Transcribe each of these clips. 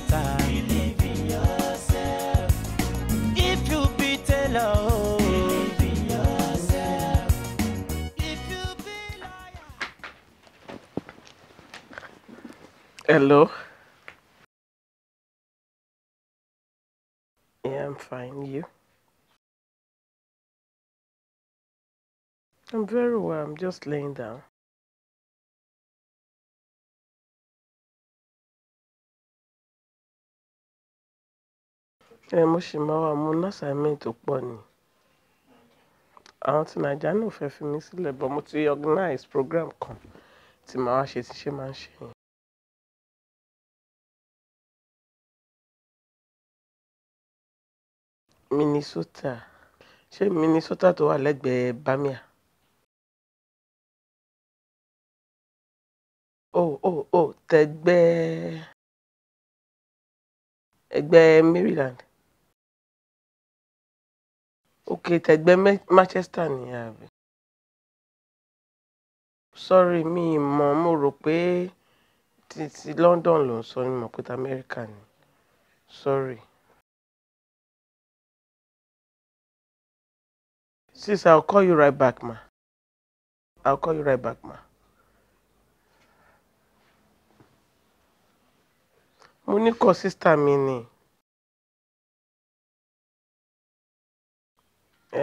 same time. Believe in yourself. If you be tailor. Hello. Yeah, I'm fine. You? I'm very well. I'm just laying down. Ẹ mo ṣì máa wà mo ní tó pọ̀ ni. Àwọn tí Naija náà fẹ́ fi mí sílẹ̀ but mo ti organize program kan tí màá wá ṣe tí ṣe máa ṣe yẹn. Minnesota. Ṣé Minnesota tó wà lẹ́gbẹ̀ẹ́ Bamia? Oh, oh, oh, tẹ́gbẹ́ ẹgbẹ́ Maryland ok tẹ̀gbẹ́ Manchester nìyẹn àbí sorry mi mọ̀ mo rò pé ti ti London ló ń sọ ni mo pé ti America ni sorry. Sis, I'll call you right back, ma. I'll call you right back, ma. Mo ní kọ sísítà mi ni.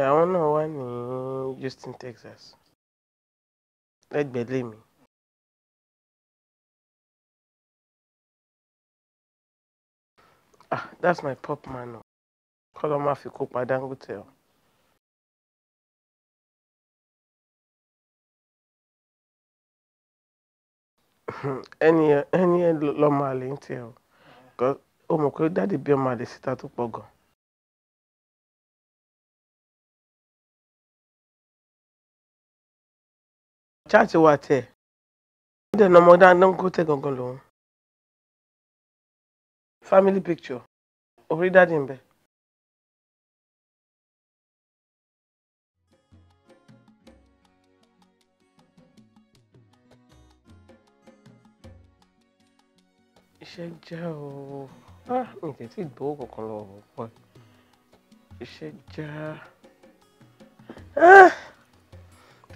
àwọn náà wà ní Houston, Texas lẹ́gbẹ̀lé mi. ah that's my pop man o oh. kọ́lọ́ máa fi kópa Dangote o. ẹni ẹ lọ́ọ́ o ó mọ̀ pé dáàdi bí ọmọ àlè síta ṣáàtì wà tẹ̀ ó dẹ̀ nọmọ Dangote gangan lòun family picture orí dáàdì ń bẹ. iṣẹ́ já o ah mi tètè gbowó kankan lọ ọ̀pọ̀ iṣẹ́ já ah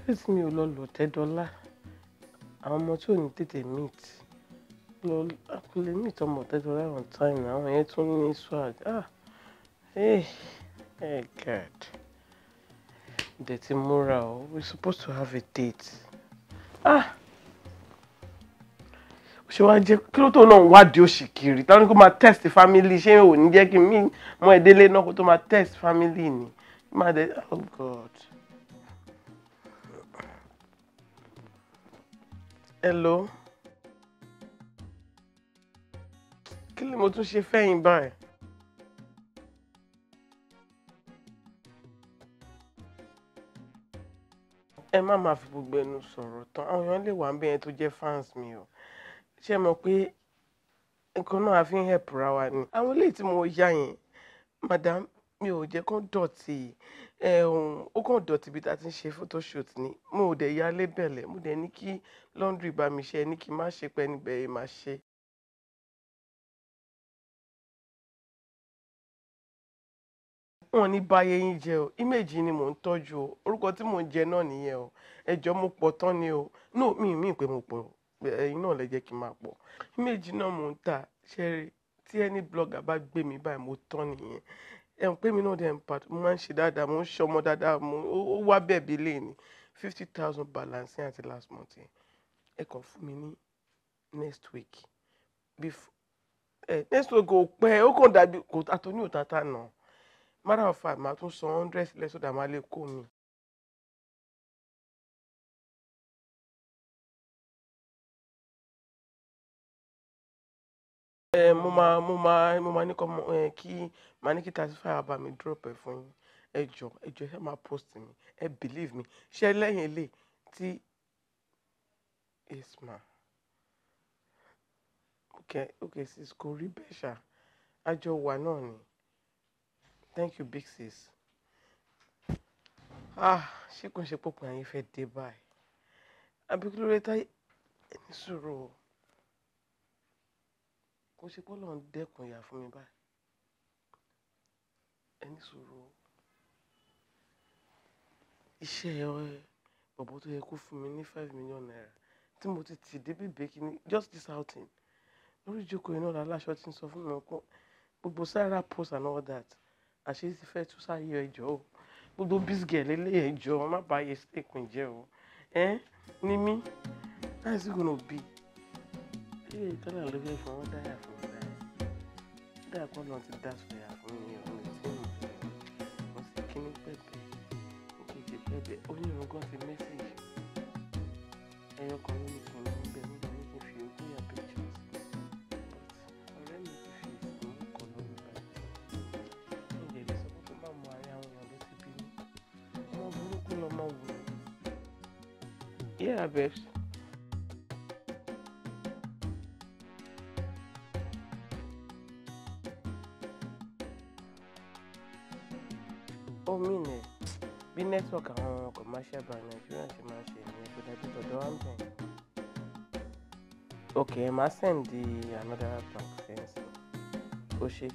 ọ́fíìsì mi ò lọ lò tẹ́dọ́lá àwọn ọmọ tí ò ní tètè meet lọ akúlé meet ọmọ tẹ́dọ́lá on time àwọn yẹn tún ní swag ah hey eh, eh, hey god dẹ̀tí múra o we supposed to have a date ah ṣé wàá jẹ kí ló tó náà wádìí òṣì kiri táwọn kó máa test family ṣé ò ní jẹ́ kí mi mọ ìdílé náà kó tó máa test family ni má dé oh god. Hello. Kí ni mo tún ṣe fẹ́yìn báyìí? ẹ má máa fi gbogbo ẹnu sọ̀rọ̀ tán àwọn èèyàn lè wà ń bẹ́ẹ̀ tó jẹ́ fans mi o ṣé mọ̀ pé nǹkan náà a fi ń help ra wa ni. àwọn eléyìí tí mo yá yẹn madam mi ò jẹ́ kán dọ̀tí ó kàn dọ̀tí bí ta ti ń ṣe photoshoot ni mo ò dẹ̀ ya lébẹ̀lẹ̀ mo dẹ̀ ní kí laundry bá mi ṣe ẹ ní kí n má ṣe pẹ́ níbẹ̀ yẹn má ṣe. wọn ní báyé yín jẹ o image ni mò ń tọ́jú o orúkọ tí mò ń jẹ náà nìyẹn o ẹjọ́ mo pọ̀ tán ni o no mi mi pé mo pọ̀ ẹ̀yin náà lè jẹ́ kí n máa pọ̀ image náà mò ń tà ṣẹ́rí tí any blogger bá gbé mi báyìí mo tán nìyẹn ẹ̀hún pé mi náà dẹ̀ ń pàtó mo máa ń ṣe dáadáa mo ń ṣe ọmọ dáadáa mo ó wá bẹ̀bí lé ní fifty thousand balance yẹn àti last month yẹn ẹ kàn fún mi ní next week before ẹ next week ò pẹ́ ó kàn dàbí kò àtọ́ní òtátà náà matter of fact màá tún san hundred lẹ́sọ̀dà máa lè kó mi Eh, mo máa, mo máa, mo máa ní kọ́, eh, kí, máa ní kí taxify wa mi drop ẹ̀ fún yín. Ẹ jọ, ẹ jọ, ẹ máa post mi. Ẹ believe me. Ṣé lẹ́yìn eléyìí tí Yes ma. Okay, okay sis, kò rí bẹ́ẹ̀ ṣá. A wà náà ni. Thank you big sis. Ah, ṣé kò ṣe pé òpin ayé fẹ́ dé báyìí? Àbí kí ló dé o kó ṣe pé Ọlọ́run dẹ́kun ìyà fún mi báyìí ẹni sọ̀rọ̀ iṣẹ́ bọ̀bọ̀ tó yẹ kó fún mi ní five million naira tí mo ti tì débi bèkì ní just this outing lórí ìjókòó iná ọ̀la aláṣọ ti ń sọ fún mi ọkàn gbogbo sarah post and all that àṣé ti fẹ́ tún sáyé ẹjọ́ o gbogbo bisgẹ̀ lélẹ̀ ẹjọ́ má bàa yẹ steak ǹjẹ́ o ẹ́ ní mí láìsí gbọ́dọ̀ bíi ilé ìtọ́nà ló fẹ́ fọwọ́ dáyà fún mi láyé dáa kọ́ lọ́n ti dá sọ̀yà fún mi òun tí mo fẹ́ wọ́n sì kíní pẹ̀pẹ̀ èkejì pẹ̀pẹ̀ onírúngán ti mẹ́sàgì ẹyọ kan ló ní kí n bẹ mí ní kí n fi ogún yà pictures but ọ̀rẹ́ mi ti fi ìsìn mú kọ́ lórí bàjẹ́ mo lè lè sọ pé kó má mú àárín àwọn èèyàn ló ti bí mi ọmọ burúkú lọ́mọ wù Yeah, babes. mí nẹ bí network àwọn commercial bank Nigeria ṣe máa ṣe ìyẹn kò dájú tọ̀dọ̀ ń bẹ̀. ok ẹ máa send the another bank fẹ́ǹsì ó ṣe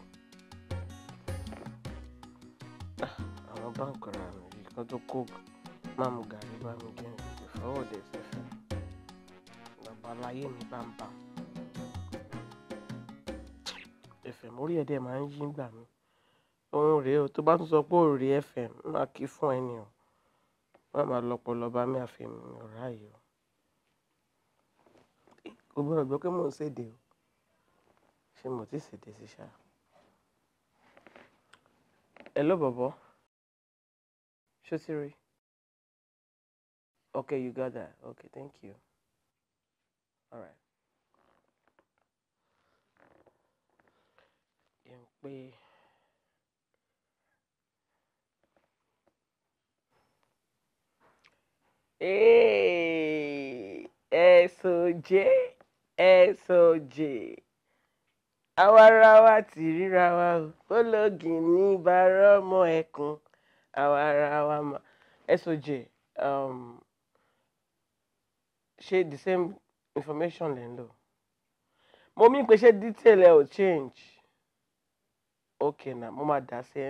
ah, àwọn báńkì ra mi yìí kan tó kó máa mu gàrí bá mi jẹun ìfọwọ́dẹ̀ fẹ́fẹ́ babaláyé mi bá ń bà ẹ̀fẹ̀ mórí ẹ̀dẹ̀ máa ń yí gbà mí. Òun rè o, tó bá tún sọ pé o rí FM, máa kí fún ẹ ni o. Má máa lọ́pọ̀lọpọ̀ bá mi àfẹ́mi, mi ò ráàyè o. Ko gbọdọ̀ gbọ́ pé mò ń ṣèdè o. Ṣé mo ti ṣèdè sí ṣá? Hello bọ̀bọ́. Ṣé o ti rí? Okay, you got that. Okay, thank you. All right. Ẹ Hey, SOJ, SOJ. Àwarawa ti ríra wa o, bólógì ní ìbára ọmọ ẹ̀kún, awarawa mà. SOJ, um, ṣe the same information lè ń Mo mí pe ṣe detail ẹ o change. Okay na, mo ma da sí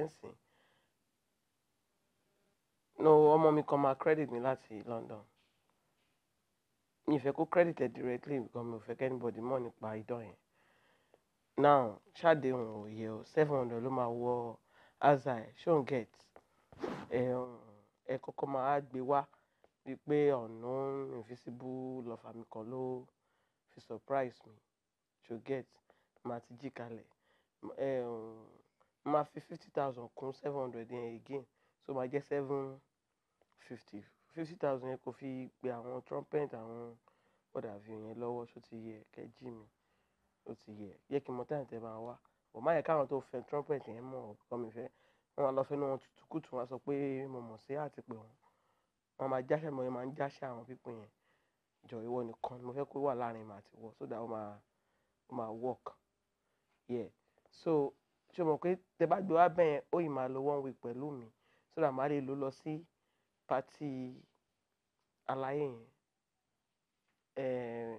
No, ọmọ mi kan máa credit mi láti London. Mi ò fẹ́ kó credit ẹ̀ directly because mi ò fẹ́ kí anybody mọ̀ nípa idán yẹn. Now, ṣáàdéhùn ò yẹ o, seven hundred ló máa wọ Azar ẹ̀, get? Ẹ kọ́kọ́ máa gbé wá bíi pé unknown invisible lover mi kan ló fi surprise mi, ṣé get? Màá ti jí kalẹ̀. Màá fi fifty thousand kún seven hundred yẹn again so máa jẹ́ seven fifty fifty thousand yẹn kò fi pe àwọn trumpet àwọn ọ̀dàbí yẹn lọ́wọ́ ṣó ti yẹ kẹjí mi ó ti yẹ yẹ kí n mọ táyà tẹ máa wá ò má yẹ káwọn tó fẹ́ trumpet yẹn mọ̀ ọ̀kọ́ mi fẹ́ wọn lọ fẹ́ nu wọn tutù kùtù wọn sọ pé mo mọ̀ sí àti pé wọn wọn máa jáṣẹ mọ yẹn máa ń jáṣẹ àwọn pípín yẹn jọ ìwọ nìkan mo fẹ́ kó wà láàrin màá ti wọ so that ó máa ó máa work yeah so ṣe mọ̀ pé tẹ bá gbé wá bẹ́ẹ̀ ó ì máa lo one week pẹ̀lú mi so that màá lè lò lọ sí pati aláyé yẹn. Eh,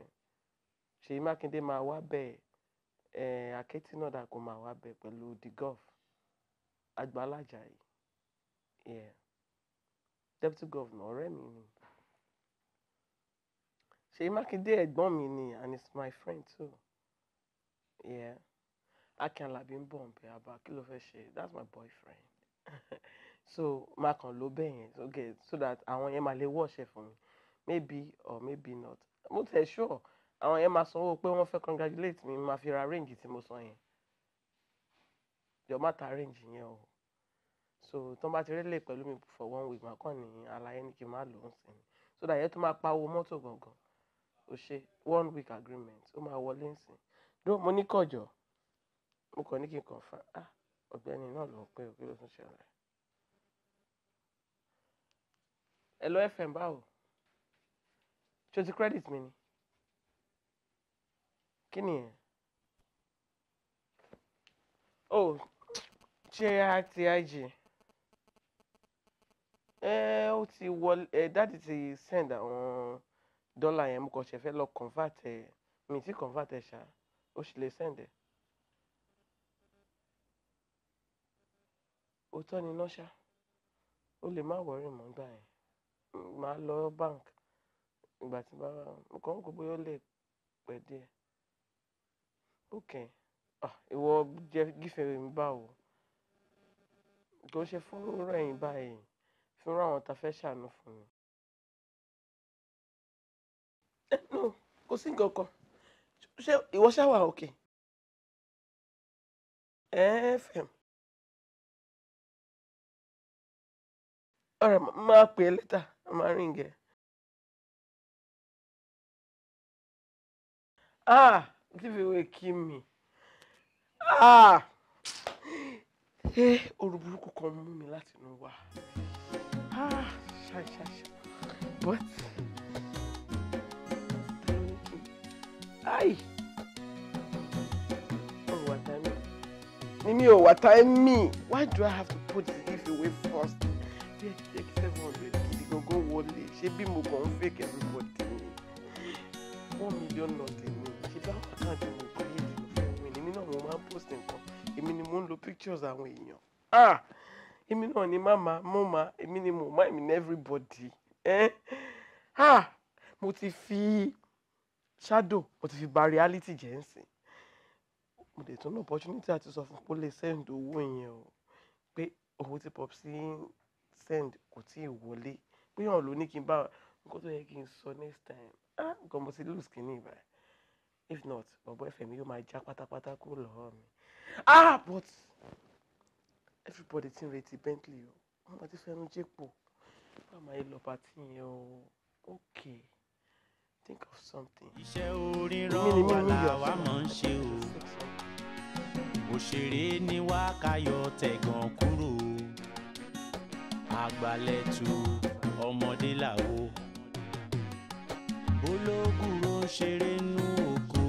Ṣèyí Mákindé máa wá bẹ́ẹ̀, eh, Akétì náà dàkún máa wá bẹ́ẹ̀ pẹ̀lú The Gov, Agbala Ajayi, yeah. Deputy Governor ọ̀rẹ́ mi ni. Ṣèyí Mákindé ẹ̀gbọ́n mi ni and he's my friend too. Yeah. Akin Alabi ń bọ̀ ń àbá kí ló fẹ́ ṣe? That's my boyfriend. so máa kàn ló bẹ́ẹ̀ yẹn okay so that àwọn yẹn máa lè wọ́ ọ̀ṣẹ́ fún mi maybe or maybe not mo tẹ̀ sure àwọn yẹn máa sanwó pé wọ́n fẹ́ congratulate mi máa fi ra range tí mo san yẹn jọ má ta range yẹn o so tó bá ti rélè pẹ̀lú mi for one week màá kàn ní àlàyé ni kí n má lò ó sẹ́yìn so that yẹn tó máa pa owó mọ́tò gangan ó ṣe one week agreement ó máa wọlé ń sìn dó mo ní kọjọ mo kàn ní kí n confirm ah ọ̀gbẹ́ni náà ló ń pè ló tún ṣẹlẹ̀. Hello FM báwo ṣe ti credit mi ni kí ni ẹ o ṣe a ti ẹ ó ti wọlé ẹ dáàdi ti send àwọn dọ́là yẹn mo kàn ṣe fẹ́ lọ convert ẹ mi ti convert ẹ ṣá ó sì lè send ẹ. òótọ́ ni náà ṣá ó lè má wọrí mọ́ gbà yẹn màá lọ bank ìgbà tí bá mo kàn ń wò bóyá ó lè pẹ́ díẹ̀. Okay, ah ìwọ jẹ́ gífèrè mi báwo? Kò ṣe fún irú ẹ̀yin báyìí, fún irú àwọn ta fẹ́ ṣàánú fún ni. Eh no, kò sí nǹkan kan. Ṣé ìwọ ṣá wà okay? FM. Alright, màá pè é later. Amaring Ah! give away mi. Ah! hey, oru burúkú kan mú mi láti inú Ah! Ṣáì ṣáì ṣáì. What? Ai! Oh, what time? Mimi, oh, what time me? Why do I have to put the away first? jẹ́ kí jẹ́ kí seven hundred kìí gangan wọlé ṣé bí mo kàn ń fake everybody ni one million nothing ni ṣe bá wà náà jẹ́ mi báyìí ni mo fẹ́ win nínú àwọn máa ń post nǹkan èmi ni mo ń lo pictures àwọn èèyàn ah èmi náà ni màmá mo ma èmi ni mo ma èmi ni everybody eh? ah mo ti fi shadow mo ti fi ba reality jẹ́ ń sìn mo dẹ̀ tún opportunity àti sọ fún pólẹ̀ send owó yẹn o pé owó tí pop sí send kò tí ì wọlé pé hàn ló ní kí n bá nǹkan tó yẹ kí n sọ next time ah nǹkan mo ti lose kìíní ìbá if not bọ̀bọ̀ ẹ̀fẹ̀ mi yóò máa já pátápátá kúrò lọ́wọ́ mi ah but everybody ti ń retí Bentley o wọn bá ti fẹnu jẹ́pọ̀ wọn máa lọ pàtí yẹn o okay think of something. iṣẹ́ oríran wà láwa máa ń ṣe o òṣèré ni wákàyọ̀ tẹ̀gàn kúrò àgbàlẹ̀tù ọmọdé làwo ológùrò ṣeré nú oko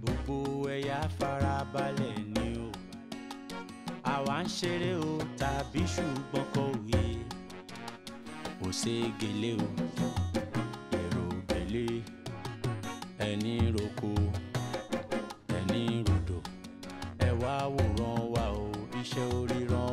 gbogbo ẹ̀yà farabalẹ̀ ni o àwa ń ṣeré o tàbí ṣùgbọ́n kò yé kò ṣe gèlè o èrò gèlè ẹni roko ẹni rodò ẹ wá wòran wa o iṣẹ́ oríran.